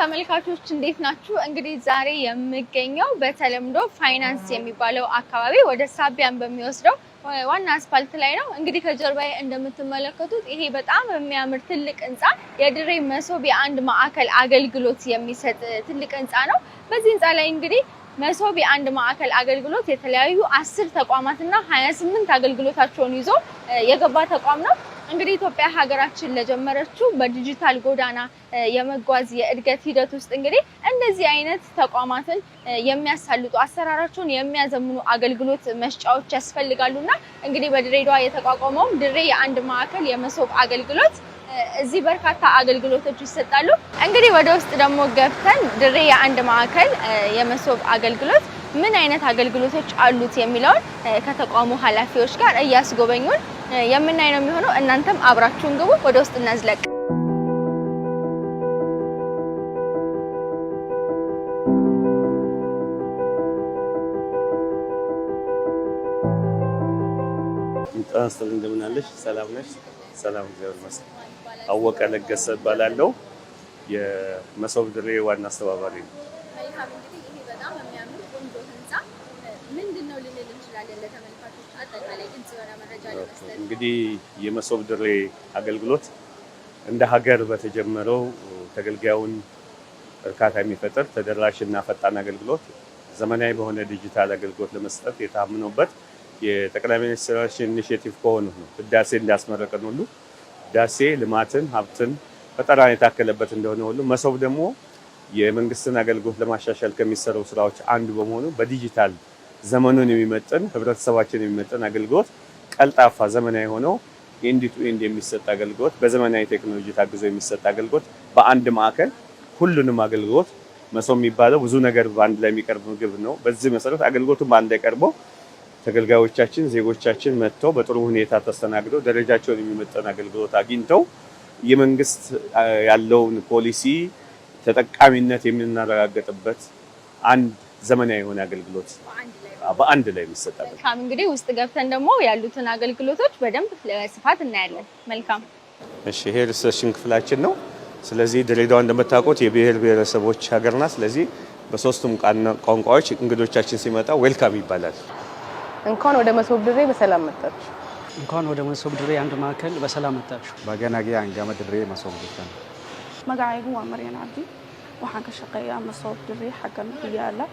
ተመልካቾች እንዴት ናችሁ? እንግዲህ ዛሬ የምገኘው በተለምዶ ፋይናንስ የሚባለው አካባቢ ወደ ሳቢያን በሚወስደው ዋና አስፋልት ላይ ነው። እንግዲህ ከጀርባዬ እንደምትመለከቱት ይሄ በጣም የሚያምር ትልቅ ህንፃ የድሬ መሶብ የአንድ ማዕከል አገልግሎት የሚሰጥ ትልቅ ህንፃ ነው። በዚህ ህንፃ ላይ እንግዲህ መሶብ የአንድ ማዕከል አገልግሎት የተለያዩ አስር ተቋማትና ሀያ ስምንት አገልግሎታቸውን ይዞ የገባ ተቋም ነው። እንግዲህ ኢትዮጵያ ሀገራችን ለጀመረችው በዲጂታል ጎዳና የመጓዝ የእድገት ሂደት ውስጥ እንግዲህ እንደዚህ አይነት ተቋማትን የሚያሳልጡ አሰራራቸውን የሚያዘምኑ አገልግሎት መስጫዎች ያስፈልጋሉና እንግዲህ በድሬዳዋ የተቋቋመውም ድሬ የአንድ ማዕከል የመሶብ አገልግሎት እዚህ በርካታ አገልግሎቶች ይሰጣሉ። እንግዲህ ወደ ውስጥ ደግሞ ገብተን ድሬ የአንድ ማዕከል የመሶብ አገልግሎት ምን አይነት አገልግሎቶች አሉት የሚለውን ከተቋሙ ኃላፊዎች ጋር እያስጎበኙን የምናይ ነው የሚሆነው። እናንተም አብራችሁን ግቡ። ወደ ውስጥ እናዝለቅ። ስትል እንደምናለሽ? ሰላም ነሽ? ሰላም እግዚአብሔር ይመስገን። አወቀ ለገሰ እባላለሁ። የመሶብ ድሬ ዋና አስተባባሪ ነው። እንግዲህ የመሶብ ድሬ አገልግሎት እንደ ሀገር በተጀመረው ተገልጋዩን እርካታ የሚፈጥር ተደራሽና ፈጣን አገልግሎት ዘመናዊ በሆነ ዲጂታል አገልግሎት ለመስጠት የታምኖበት የጠቅላይ ሚኒስትራችን ኢኒሽቲቭ ከሆኑ ነው። ህዳሴ እንዳስመረቀን ሁሉ ህዳሴ ልማትን፣ ሀብትን፣ ፈጠራን የታከለበት እንደሆነ ሁሉ መሶብ ደግሞ የመንግስትን አገልግሎት ለማሻሻል ከሚሰሩ ስራዎች አንዱ በመሆኑ በዲጂታል ዘመኑን የሚመጥን ህብረተሰባችን የሚመጥን አገልግሎት ቀልጣፋ ዘመናዊ ሆኖ ኢንድ ቱ ኢንድ የሚሰጥ አገልግሎት በዘመናዊ ቴክኖሎጂ ታግዞ የሚሰጥ አገልግሎት በአንድ ማዕከል ሁሉንም አገልግሎት መሶ የሚባለው ብዙ ነገር በአንድ ላይ የሚቀርብ ምግብ ነው። በዚህ መሰረት አገልግሎቱን በአንድ ላይ ቀርቦ ተገልጋዮቻችን ዜጎቻችን መጥተው በጥሩ ሁኔታ ተስተናግደው ደረጃቸውን የሚመጠን አገልግሎት አግኝተው የመንግስት ያለውን ፖሊሲ ተጠቃሚነት የምናረጋገጥበት አንድ ዘመናዊ የሆነ አገልግሎት በአንድ ላይ የሚሰጣበት። መልካም እንግዲህ ውስጥ ገብተን ደግሞ ያሉትን አገልግሎቶች በደንብ ለስፋት እናያለን። መልካም እሺ፣ ይሄ ሪሰፕሽን ክፍላችን ነው። ስለዚህ ድሬዳዋ እንደምታውቁት የብሔር ብሔረሰቦች ሀገር ናት። ስለዚህ በሶስቱም ቋንቋዎች እንግዶቻችን ሲመጣ ዌልካም ይባላል። እንኳን ወደ መሶብ ድሬ በሰላም መጣችሁ። እንኳን ወደ መሶብ ድሬ አንድ ማዕከል በሰላም መጣችሁ። በገናጌ አንጋመ ድሬ መሶብ ድሬ መጋይጉ ዋመሬን አብዲ waxaan ka shaqeeyaa masoob dirri xagga biyaala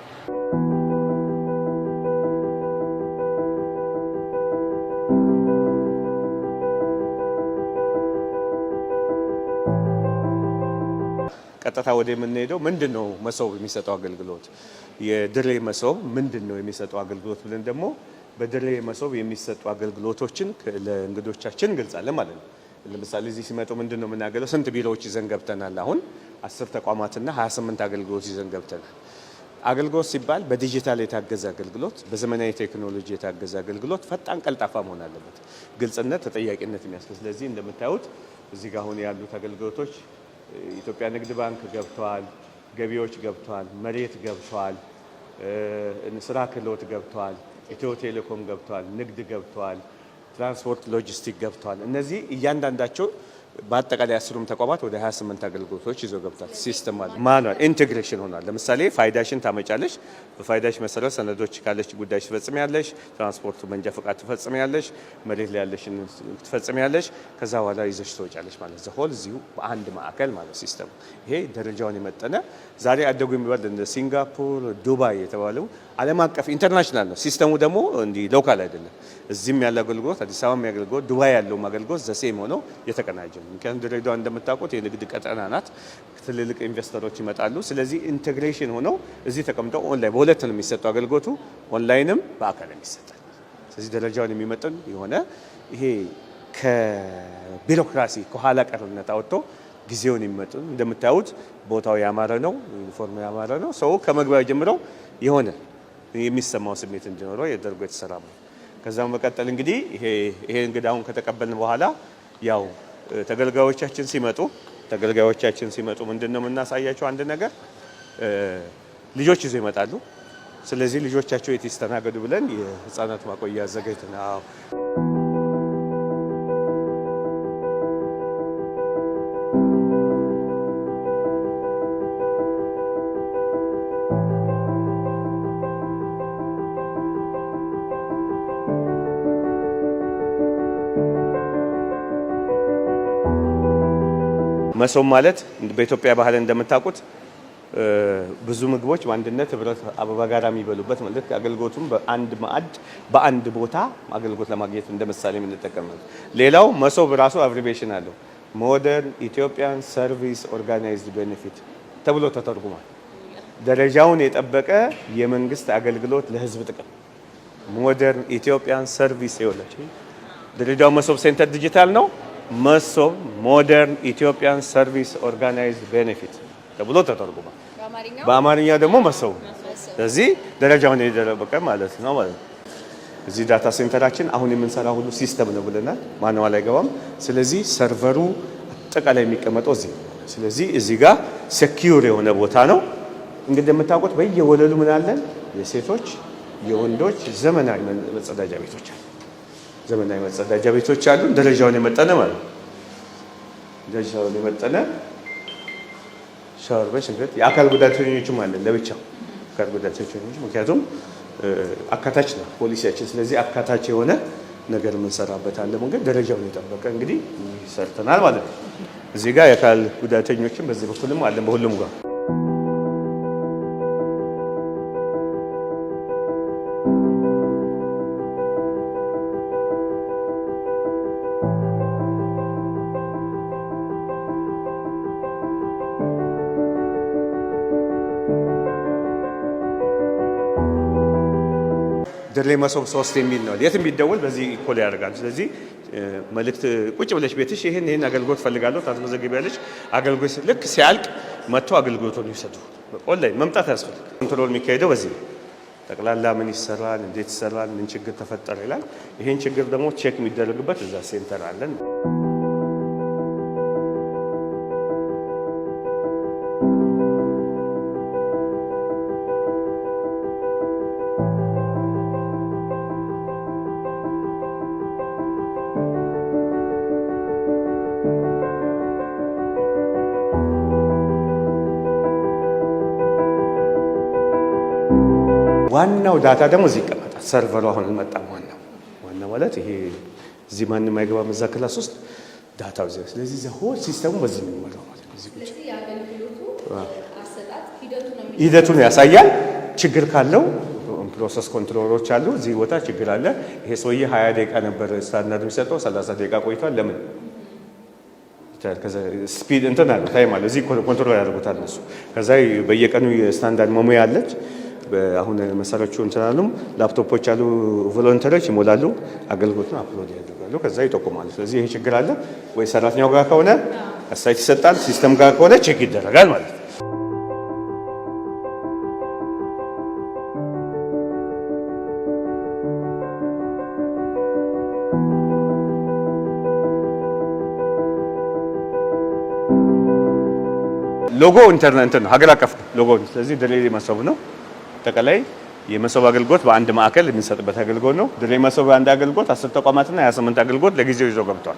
ቀጥታ ወደ የምንሄደው ምንድን ነው መሶብ የሚሰጠው አገልግሎት፣ የድሬ መሶብ ምንድን ነው የሚሰጠው አገልግሎት ብለን ደግሞ በድሬ መሶብ የሚሰጡ አገልግሎቶችን ለእንግዶቻችን እንገልጻለን ማለት ነው። ለምሳሌ እዚህ ሲመጡ ምንድን ነው የምናገለው? ስንት ቢሮዎች ይዘን ገብተናል? አሁን አስር ተቋማትና 28 አገልግሎት ይዘን ገብተናል። አገልግሎት ሲባል በዲጂታል የታገዘ አገልግሎት፣ በዘመናዊ ቴክኖሎጂ የታገዘ አገልግሎት ፈጣን፣ ቀልጣፋ መሆን አለበት። ግልጽነት፣ ተጠያቂነት የሚያስከ ስለዚህ እንደምታዩት እዚህ ጋር አሁን ያሉት አገልግሎቶች ኢትዮጵያ ንግድ ባንክ ገብተዋል፣ ገቢዎች ገብተዋል፣ መሬት ገብተዋል፣ ስራ ክህሎት ገብተዋል፣ ኢትዮ ቴሌኮም ገብተዋል፣ ንግድ ገብተዋል፣ ትራንስፖርት ሎጂስቲክ ገብተዋል። እነዚህ እያንዳንዳቸው በአጠቃላይ አስሩም ተቋማት ወደ 28 አገልግሎቶች ይዞ ገብቷል። ሲስተም አለ ማኗል ኢንቴግሬሽን ሆኗል። ለምሳሌ ፋይዳሽን ታመጫለሽ። በፋይዳሽ መሰረት ሰነዶች ካለች ጉዳይ ትፈጽም ያለሽ፣ ትራንስፖርቱ መንጃ ፈቃድ ትፈጽም ያለሽ፣ መሬት ላይ ያለሽን ትፈጽም ያለሽ። ከዛ በኋላ ይዘሽ ትወጫለሽ ማለት ዘሆል እዚሁ በአንድ ማዕከል ማለት ሲስተም። ይሄ ደረጃውን የመጠነ ዛሬ አደጉ የሚባል እንደ ሲንጋፖር፣ ዱባይ የተባለው ዓለም አቀፍ ኢንተርናሽናል ነው። ሲስተሙ ደግሞ እንዲህ ሎካል አይደለም። እዚህም ያለ አገልግሎት አዲስ አበባ የሚያገልግሎት ዱባይ ያለውም አገልግሎት ዘሴም ሆነው የተቀናጀ ነው። ምክንያቱም ድሬዳዋ እንደምታውቁት የንግድ ቀጠና ናት። ትልልቅ ኢንቨስተሮች ይመጣሉ። ስለዚህ ኢንቴግሬሽን ሆነው እዚህ ተቀምጠው ኦንላይን በሁለት ነው የሚሰጠው አገልግሎቱ፣ ኦንላይንም በአካል የሚሰጠ ስለዚህ ደረጃውን የሚመጥን የሆነ ይሄ ከቢሮክራሲ ከኋላ ቀርነት አውጥቶ ጊዜውን የሚመጡን እንደምታዩት ቦታው ያማረ ነው፣ ዩኒፎርም ያማረ ነው። ሰው ከመግቢያው ጀምረው የሆነ የሚሰማው ስሜት እንዲኖረው የደርጎ የተሰራ ነው። ከዛም መቀጠል እንግዲህ ይሄ እንግዲህ አሁን ከተቀበልን በኋላ ያው ተገልጋዮቻችን ሲመጡ ተገልጋዮቻችን ሲመጡ ምንድን ነው የምናሳያቸው? አንድ ነገር ልጆች ይዘው ይመጣሉ። ስለዚህ ልጆቻቸው የት ይስተናገዱ ብለን የህፃናት ማቆያ አዘጋጅተናል። መሶብ ማለት በኢትዮጵያ ባህል እንደምታውቁት ብዙ ምግቦች በአንድነት ህብረት አበባ ጋር የሚበሉበት ማለት አገልግሎቱም በአንድ ማዕድ በአንድ ቦታ አገልግሎት ለማግኘት እንደ ምሳሌ የምንጠቀምበት። ሌላው መሶብ ራሱ አብሪቬሽን አለው። ሞደርን ኢትዮጵያን ሰርቪስ ኦርጋናይዝድ ቤኔፊት ተብሎ ተተርጉሟል። ደረጃውን የጠበቀ የመንግስት አገልግሎት ለህዝብ ጥቅም ሞደርን ኢትዮጵያን ሰርቪስ ይወላል። ደረጃው መሶብ ሴንተር ዲጂታል ነው። መሶ ሞደርን ኢትዮጵያን ሰርቪስ ኦርጋናይዝድ ቤኔፊት ተብሎ ተተርጉሟል። በአማርኛ ደግሞ መሶብ ስለዚህ ደረጃውን የደረበቀ ማለት ነው ማለት ነው። እዚህ ዳታ ሴንተራችን አሁን የምንሰራ ሁሉ ሲስተም ነው ብለናል። ማንዋል አይገባም። ስለዚህ ሰርቨሩ አጠቃላይ የሚቀመጠው እዚህ ስለዚህ እዚህ ጋር ሴኪዩር የሆነ ቦታ ነው። እንግዲህ እንደምታውቁት በየወለሉ ምናለን የሴቶች የወንዶች ዘመናዊ መጸዳጃ ቤቶች አለ። ዘመናዊ መጸዳጃ ቤቶች አሉ። ደረጃውን የመጠነ ማለት ነው። ደረጃውን የመጠነ ሻወር በሽንገት የአካል ጉዳተኞችም አለን ለብቻ አካል ጉዳተኞች ምክንያቱም አካታች ነው ፖሊሲያችን። ስለዚህ አካታች የሆነ ነገር የምንሰራበት አለ መንገድ ደረጃውን የጠበቀ እንግዲህ ሰርተናል ማለት ነው። እዚህ ጋር የአካል ጉዳተኞችን በዚህ በኩልም አለን በሁሉም ጋር ድሬ መሶብ ሶስት የሚል ነው። የት የሚደወል በዚህ ኮል ያደርጋል። ስለዚህ መልእክት ቁጭ ብለሽ ቤትሽ ይህን ይህን አገልግሎት ፈልጋለሁ ታስመዘግቢያለሽ። አገልግሎት ልክ ሲያልቅ መጥቶ አገልግሎቱን ይውሰዱ። ኦንላይን መምጣት ያስፈልግ። ኮንትሮል የሚካሄደው በዚህ ነው። ጠቅላላ ምን ይሰራል፣ እንዴት ይሰራል፣ ምን ችግር ተፈጠረ ይላል። ይህን ችግር ደግሞ ቼክ የሚደረግበት እዛ ሴንተር አለን። ዋናው ዳታ ደግሞ እዚህ ይቀመጣል። ሰርቨሩ አሁን አልመጣም። ዋናው ዋና ማለት ይሄ እዚህ ማንም አይገባም። እዛ ክላስ ውስጥ ዳታው እዚህ። ስለዚህ ዘ ሆል ሲስተሙ በዚህ የሚመራው ሂደቱን ያሳያል። ችግር ካለው ፕሮሰስ ኮንትሮሎች አሉ። እዚህ ቦታ ችግር አለ፣ ይሄ ሰውዬ ሀያ ደቂቃ ነበር ስታንዳርድ የሚሰጠው ሰላሳ ደቂቃ ቆይቷል። ለምን ስፒድ እንትን አለ ታይም አለ። እዚህ ኮንትሮል ያደርጉታል እነሱ። ከዛ በየቀኑ የስታንዳርድ መሙያ አለች አሁን መሳሪያዎቹ እንትናሉም ላፕቶፖች ያሉ ቮለንተሪዎች ይሞላሉ፣ አገልግሎቱን አፕሎድ ያደርጋሉ፣ ከዛ ይጠቁማሉ። ስለዚህ ይሄ ችግር አለ ወይ ሰራተኛው ጋር ከሆነ አሳይት ይሰጣል፣ ሲስተም ጋር ከሆነ ቼክ ይደረጋል ማለት ነው። ሎጎ ኢንተርኔት ነው፣ ሀገር አቀፍ ሎጎ። ስለዚህ ደሌሌ ማሰቡ ነው። አጠቃላይ የመሶብ አገልግሎት በአንድ ማዕከል የምንሰጥበት አገልግሎት ነው። ድሬ መሶብ አንድ አገልግሎት አስር ተቋማትና 28 አገልግሎት ለጊዜው ይዞ ገብቷል።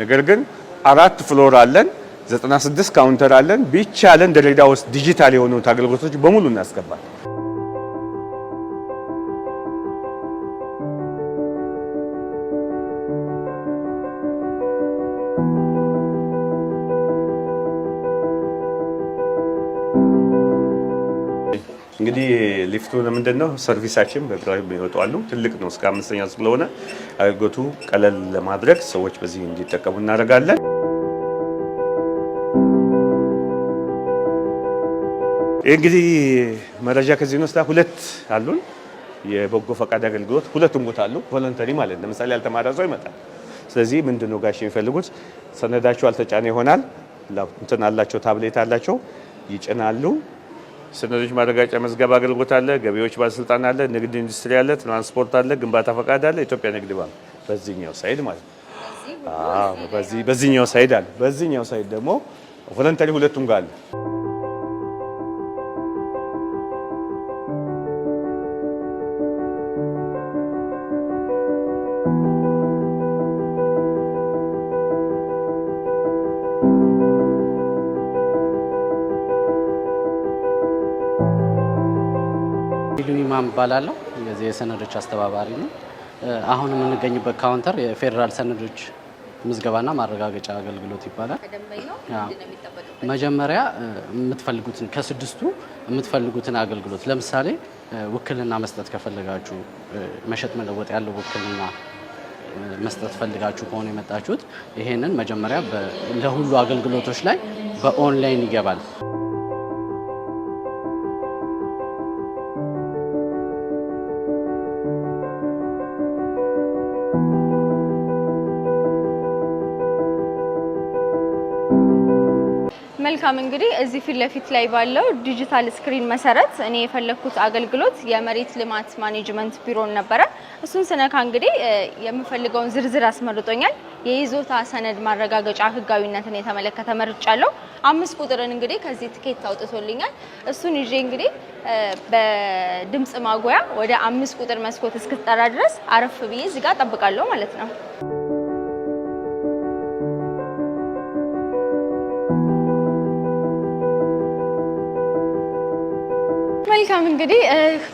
ነገር ግን አራት ፍሎር አለን፣ 96 ካውንተር አለን። ቢቻለን ድሬዳዋ ውስጥ ዲጂታል የሆኑት አገልግሎቶች በሙሉ እናስገባል። ጊፍቱ ለምንድን ነው? ሰርቪሳችን በብራዊ ይወጣሉ። ትልቅ ነው፣ እስከ አምስተኛ ስለሆነ አገልግሎቱ ቀለል ለማድረግ ሰዎች በዚህ እንዲጠቀሙ እናደርጋለን። እንግዲህ መረጃ ከዚህ ነው። ሁለት አሉን የበጎ ፈቃድ አገልግሎት ሁለቱም ቦታ አሉ። ቮለንተሪ ማለት ለምሳሌ ያልተማረ ሰው ይመጣል። ስለዚህ ምንድን ነው ጋሽ የሚፈልጉት ሰነዳቸው አልተጫነ ይሆናል። እንትን አላቸው፣ ታብሌት አላቸው፣ ይጭናሉ። ሰነዶች ማረጋጫ መዝገብ አገልግሎት አለ፣ ገቢዎች ባለስልጣን አለ፣ ንግድ ኢንዱስትሪ አለ፣ ትራንስፖርት አለ፣ ግንባታ ፈቃድ አለ፣ ኢትዮጵያ ንግድ ባንክ በዚህኛው ሳይድ ማለት ነው። በዚህኛው ሳይድ አለ። በዚህኛው ሳይድ ደግሞ ቮለንተሪ ሁለቱም ጋር አለ። እባላለሁ። የዚህ የሰነዶች አስተባባሪ ነው። አሁን የምንገኝበት ካውንተር የፌዴራል ሰነዶች ምዝገባና ማረጋገጫ አገልግሎት ይባላል። መጀመሪያ የምትፈልጉትን ከስድስቱ የምትፈልጉትን አገልግሎት ለምሳሌ ውክልና መስጠት ከፈለጋችሁ መሸጥ መለወጥ ያለው ውክልና መስጠት ፈልጋችሁ ከሆነ የመጣችሁት ይሄንን መጀመሪያ ለሁሉ አገልግሎቶች ላይ በኦንላይን ይገባል። መልካም እንግዲህ እዚህ ፊት ለፊት ላይ ባለው ዲጂታል ስክሪን መሰረት እኔ የፈለግኩት አገልግሎት የመሬት ልማት ማኔጅመንት ቢሮን ነበረ። እሱን ስነካ እንግዲህ የምፈልገውን ዝርዝር አስመርጦኛል። የይዞታ ሰነድ ማረጋገጫ ህጋዊነትን የተመለከተ መርጫለሁ። አምስት ቁጥርን እንግዲህ ከዚህ ትኬት አውጥቶልኛል። እሱን ይዤ እንግዲህ በድምፅ ማጉያ ወደ አምስት ቁጥር መስኮት እስክጠራ ድረስ አረፍ ብዬ እዚህ ጠብቃለሁ ማለት ነው። መልካም እንግዲህ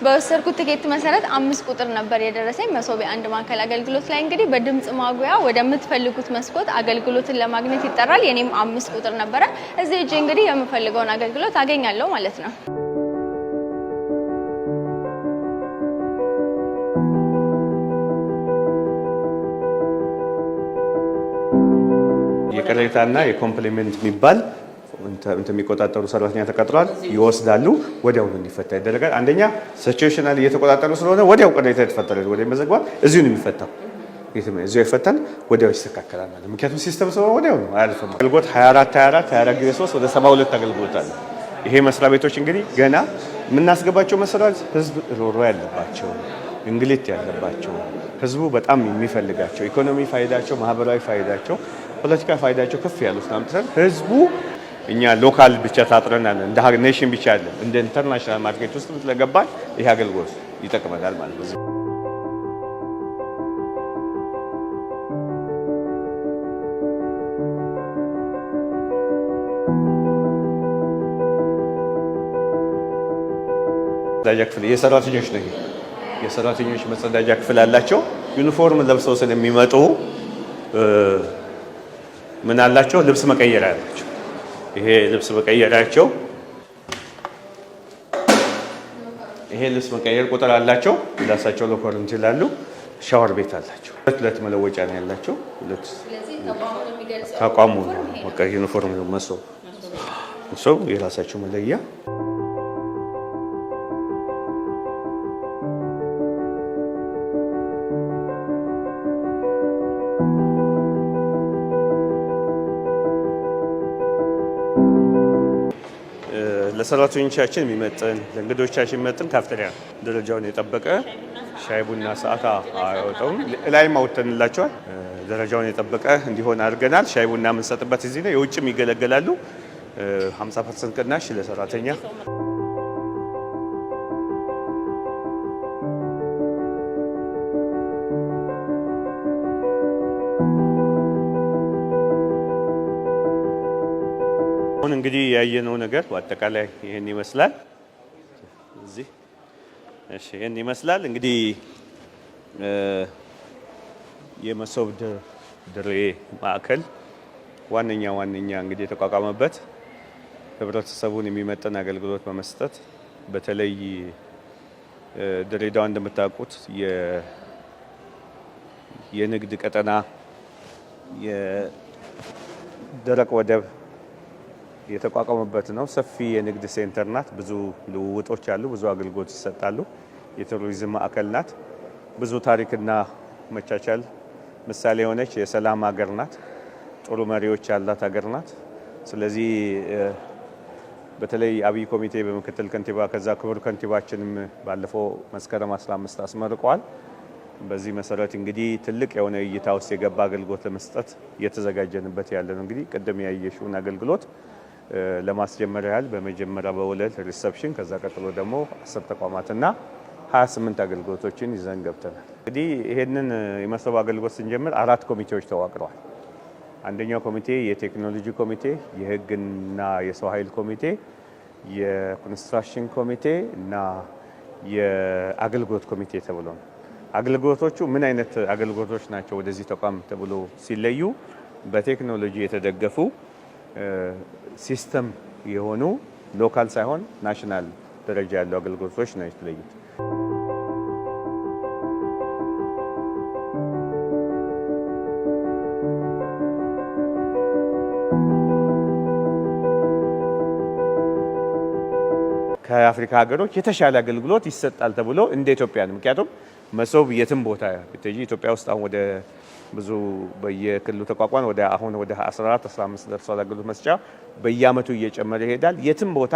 በወሰድኩት ትኬት መሰረት አምስት ቁጥር ነበር የደረሰኝ መሶብ የአንድ ማዕከል አገልግሎት ላይ እንግዲህ በድምፅ ማጉያ ወደምትፈልጉት መስኮት አገልግሎትን ለማግኘት ይጠራል። የኔም አምስት ቁጥር ነበረ። እዚህ እጅ እንግዲህ የምፈልገውን አገልግሎት አገኛለሁ ማለት ነው። የቅሬታና የኮምፕሊመንት የሚባል የሚቆጣጠሩ ሰራተኛ ተቀጥሯል፣ ይወስዳሉ፣ ወዲያው ነው እንዲፈታ ይደረጋል። አንደኛ ሲቹዌሽናል እየተቆጣጠሩ ስለሆነ ወዲያው ቅሬታ የተፈጠረ ወደ መዘግባል፣ እዚሁ ነው የሚፈታው እዚሁ ይፈታል፣ ወዲያው ይስተካከላል ማለት ምክንያቱም ሲስተም ስለሆነ ወዲያው ነው አያልፍም። አገልግሎት 24 24 24 ጊዜ 3 ወደ 72 አገልግሎት አለ። ይሄ መስሪያ ቤቶች እንግዲህ ገና የምናስገባቸው መስሪያ ቤት ህዝብ ሮሮ ያለባቸው እንግልት ያለባቸው ህዝቡ በጣም የሚፈልጋቸው ኢኮኖሚ ፋይዳቸው፣ ማህበራዊ ፋይዳቸው፣ ፖለቲካ ፋይዳቸው ከፍ ያሉት አምጥተን ህዝቡ እኛ ሎካል ብቻ ታጥረናል። እንደ ኔሽን ብቻ አይደለም፣ እንደ ኢንተርናሽናል ማርኬት ውስጥ ስለገባን ይህ አገልግሎት ይጠቅመናል ማለት ነው። መጸዳጃ ክፍል የሰራተኞች ነው። የሰራተኞች መጸዳጃ ክፍል አላቸው። ዩኒፎርም ለብሰው ስለሚመጡ ምን አላቸው? ልብስ መቀየር አላቸው። ይሄ ልብስ መቀየራቸው ይሄ ልብስ መቀየር ቁጥር አላቸው። ራሳቸው ለኮርን ይችላሉ። ሻወር ቤት አላቸው። ሁለት ሁለት መለወጫ ነው ያላቸው። ሁለት ተቋሙ ነው ዩኒፎርም መሶብ የራሳቸው መለያ ለሰራተኞቻችን የሚመጥን ለእንግዶቻችን የሚመጥን ካፍተሪያ ደረጃውን የጠበቀ ሻይ ቡና ሰዓት አያወጣውም። እላይም አውጥተንላቸዋል። ደረጃውን የጠበቀ እንዲሆን አድርገናል። ሻይ ቡና የምንሰጥበት እዚህ ነው። የውጭም ይገለገላሉ። 50 ፐርሰንት ቅናሽ ለሰራተኛ እንግዲህ ያየነው ነገር በአጠቃላይ ይህን ይመስላል። እዚህ እሺ፣ ይህን ይመስላል እንግዲህ የመሶብ ድሬ ማዕከል ዋነኛ ዋነኛ እንግዲህ የተቋቋመበት ህብረተሰቡን የሚመጠን አገልግሎት በመስጠት በተለይ ድሬዳዋ እንደምታውቁት የንግድ ቀጠና፣ የደረቅ ወደብ የተቋቋመበት ነው። ሰፊ የንግድ ሴንተር ናት። ብዙ ልውውጦች አሉ። ብዙ አገልግሎት ይሰጣሉ። የቱሪዝም ማዕከል ናት። ብዙ ታሪክና መቻቻል ምሳሌ የሆነች የሰላም ሀገር ናት። ጥሩ መሪዎች ያላት ሀገር ናት። ስለዚህ በተለይ አብይ ኮሚቴ በምክትል ከንቲባ ከዛ ክቡር ከንቲባችንም ባለፈው መስከረም 15 አስመርቀዋል። በዚህ መሰረት እንግዲህ ትልቅ የሆነ እይታ ውስጥ የገባ አገልግሎት ለመስጠት እየተዘጋጀንበት ያለ ነው። እንግዲህ ቅድም ያየሽውን አገልግሎት ለማስጀመር ያህል በመጀመሪያ በወለል ሪሰፕሽን፣ ከዛ ቀጥሎ ደግሞ አስር ተቋማትና 28 አገልግሎቶችን ይዘን ገብተናል። እንግዲህ ይህንን የመሶብ አገልግሎት ስንጀምር አራት ኮሚቴዎች ተዋቅረዋል። አንደኛው ኮሚቴ የቴክኖሎጂ ኮሚቴ፣ የህግና የሰው ኃይል ኮሚቴ፣ የኮንስትራክሽን ኮሚቴ እና የአገልግሎት ኮሚቴ ተብሎ ነው። አገልግሎቶቹ ምን አይነት አገልግሎቶች ናቸው? ወደዚህ ተቋም ተብሎ ሲለዩ በቴክኖሎጂ የተደገፉ ሲስተም የሆኑ ሎካል ሳይሆን ናሽናል ደረጃ ያሉ አገልግሎቶች ነው የተለዩት። ከአፍሪካ ሀገሮች የተሻለ አገልግሎት ይሰጣል ተብሎ እንደ ኢትዮጵያ ነው። ምክንያቱም መሶብ የትም ቦታ ብትሄጂ ኢትዮጵያ ውስጥ አሁን ወደ ብዙ በየክልሉ ተቋቋመ ወደ አሁን ወደ 14 15 ደርሷል። አገልግሎት መስጫ በየአመቱ እየጨመረ ይሄዳል። የትም ቦታ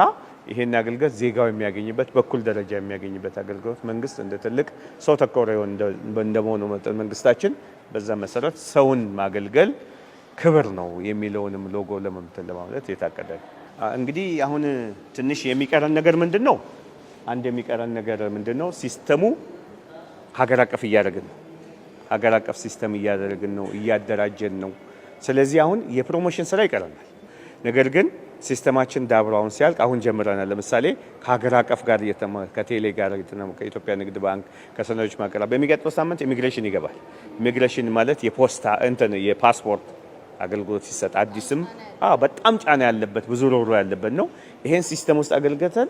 ይሄን አገልግሎት ዜጋው የሚያገኝበት በኩል ደረጃ የሚያገኝበት አገልግሎት መንግስት እንደ ትልቅ ሰው ተኮር እንደመሆኑ መጠን መንግስታችን በዛ መሰረት ሰውን ማገልገል ክብር ነው የሚለውንም ሎጎ ለመምተን ለማለት የታቀደ እንግዲህ አሁን ትንሽ የሚቀረን ነገር ምንድን ነው? አንድ የሚቀረን ነገር ምንድን ነው? ሲስተሙ ሀገር አቀፍ እያደረግን ነው። ሀገር አቀፍ ሲስተም እያደረግን ነው፣ እያደራጀን ነው። ስለዚህ አሁን የፕሮሞሽን ስራ ይቀረናል። ነገር ግን ሲስተማችን ዳብሮ አሁን ሲያልቅ አሁን ጀምረናል። ለምሳሌ ከሀገር አቀፍ ጋር ከቴሌ ጋር ከኢትዮጵያ ንግድ ባንክ ከሰነዶች ማቀራብ በሚቀጥለው ሳምንት ኢሚግሬሽን ይገባል። ኢሚግሬሽን ማለት የፖስታ እንትን የፓስፖርት አገልግሎት ሲሰጥ አዲስም በጣም ጫና ያለበት ብዙ ሮሮ ያለበት ነው። ይሄን ሲስተም ውስጥ አገልግሎተን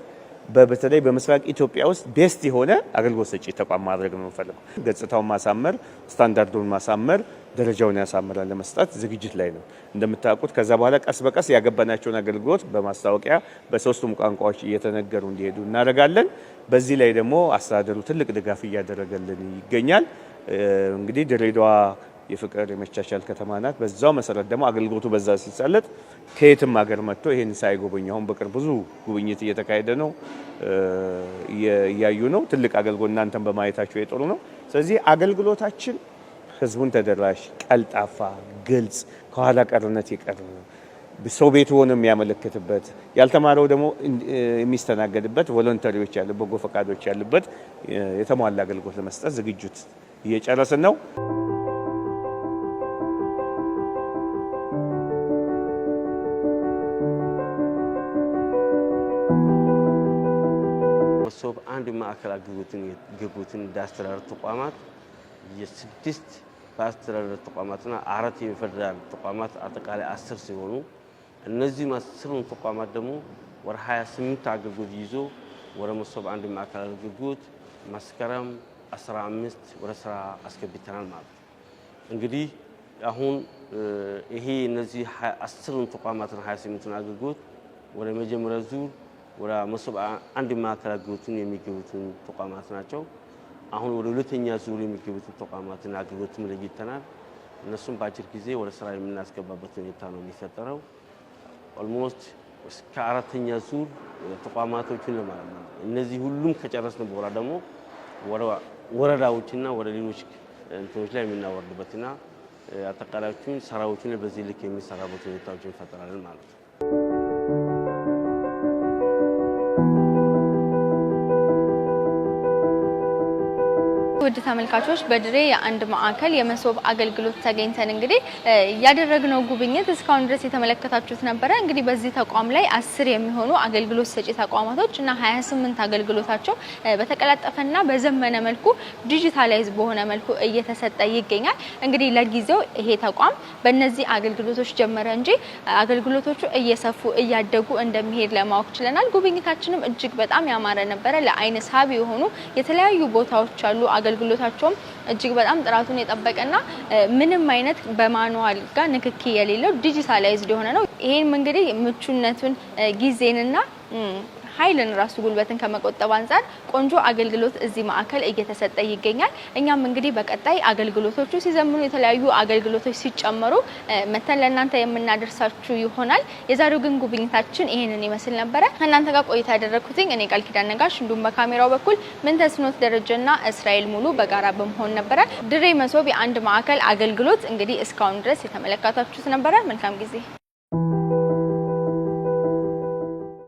በተለይ በምስራቅ ኢትዮጵያ ውስጥ ቤስት የሆነ አገልግሎት ሰጪ ተቋም ማድረግ ነው የምንፈልገው። ገጽታውን ማሳመር፣ ስታንዳርዱን ማሳመር፣ ደረጃውን ያሳምራል ለመስጠት ዝግጅት ላይ ነው። እንደምታውቁት ከዛ በኋላ ቀስ በቀስ ያገባናቸውን አገልግሎት በማስታወቂያ በሶስቱም ቋንቋዎች እየተነገሩ እንዲሄዱ እናደርጋለን። በዚህ ላይ ደግሞ አስተዳደሩ ትልቅ ድጋፍ እያደረገልን ይገኛል። እንግዲህ ድሬዳዋ የፍቅር የመቻቻል ከተማ ናት። በዛው መሰረት ደግሞ አገልግሎቱ በዛ ሲሳለጥ ከየትም ሀገር መጥቶ ይህን ሳይጎበኝ አሁን በቅርብ ብዙ ጉብኝት እየተካሄደ ነው፣ እያዩ ነው። ትልቅ አገልግሎት እናንተን በማየታቸው የጥሩ ነው። ስለዚህ አገልግሎታችን ህዝቡን ተደራሽ፣ ቀልጣፋ፣ ግልጽ፣ ከኋላ ቀርነት የቀር ሰው ቤቱ ሆነ የሚያመለክትበት ያልተማረው ደግሞ የሚስተናገድበት ቮለንተሪዎች ያሉበት በጎ ፈቃዶች ያሉበት የተሟላ አገልግሎት ለመስጠት ዝግጁት እየጨረስን ነው። ማዕከል ግቡትን አስተዳደር ተቋማት የስድስት በአስተዳደር ተቋማትና አራት የፌደራል ተቋማት አጠቃላይ አስር ሲሆኑ እነዚህም አስሩን ተቋማት ደግሞ ወደ 28 አገልግሎት ይዞ ወደ መሶብ አንድ ማዕከል አገልግሎት መስከረም 15 ወደ ስራ አስገብተናል ማለት ነው። እንግዲህ አሁን ይሄ እነዚህ አስሩን ተቋማትን 28ቱን አገልግሎት ወደ መጀመሪያ ዙር ወደ መሶብ አንድ ማዕከል አገልግሎትን የሚገቡትን ተቋማት ናቸው። አሁን ወደ ሁለተኛ ዙር የሚገቡትን ተቋማትን አገልግሎትም ለይተናል። እነሱም በአጭር ጊዜ ወደ ስራ የምናስገባበት ሁኔታ ነው የሚፈጠረው። ኦልሞስት እስከ አራተኛ ዙር ተቋማቶችን ለማለት ነው። እነዚህ ሁሉም ከጨረስን በኋላ ደግሞ ወረዳዎችና ወደ ሌሎች እንትኖች ላይ የምናወርድበትና አጠቃላዮቹን ሰራዎችን በዚህ ልክ የሚሰራበት ሁኔታዎችን እንፈጥራለን ማለት ነው። ውድ ተመልካቾች በድሬ የአንድ ማዕከል የመሶብ አገልግሎት ተገኝተን እንግዲህ ያደረግነው ጉብኝት እስካሁን ድረስ የተመለከታችሁት ነበረ። እንግዲህ በዚህ ተቋም ላይ አስር የሚሆኑ አገልግሎት ሰጪ ተቋማቶች እና 28 አገልግሎታቸው በተቀላጠፈና በዘመነ መልኩ ዲጂታላይዝ በሆነ መልኩ እየተሰጠ ይገኛል። እንግዲህ ለጊዜው ይሄ ተቋም በእነዚህ አገልግሎቶች ጀመረ እንጂ አገልግሎቶቹ እየሰፉ እያደጉ እንደሚሄድ ለማወቅ ችለናል። ጉብኝታችንም እጅግ በጣም ያማረ ነበረ። ለአይነ ሳቢ የሆኑ የተለያዩ ቦታዎች አሉ። አገልግሎታቸውም እጅግ በጣም ጥራቱን የጠበቀና ምንም አይነት በማኑዋል ጋር ንክኪ የሌለው ዲጂታላይዝድ የሆነ ነው። ይህም እንግዲህ ምቹነቱን ጊዜንና ኃይልን ራሱ ጉልበትን ከመቆጠብ አንጻር ቆንጆ አገልግሎት እዚህ ማዕከል እየተሰጠ ይገኛል። እኛም እንግዲህ በቀጣይ አገልግሎቶቹ ሲዘምኑ የተለያዩ አገልግሎቶች ሲጨመሩ መተን ለእናንተ የምናደርሳችሁ ይሆናል። የዛሬው ግን ጉብኝታችን ይህንን ይመስል ነበረ። ከእናንተ ጋር ቆይታ ያደረግኩትኝ እኔ ቃል ኪዳን ነጋሽ፣ እንዲሁም በካሜራው በኩል ምንተስኖት ደረጀና እስራኤል ሙሉ በጋራ በመሆን ነበረ። ድሬ መሶብ የአንድ ማዕከል አገልግሎት እንግዲህ እስካሁን ድረስ የተመለከታችሁት ነበረ። መልካም ጊዜ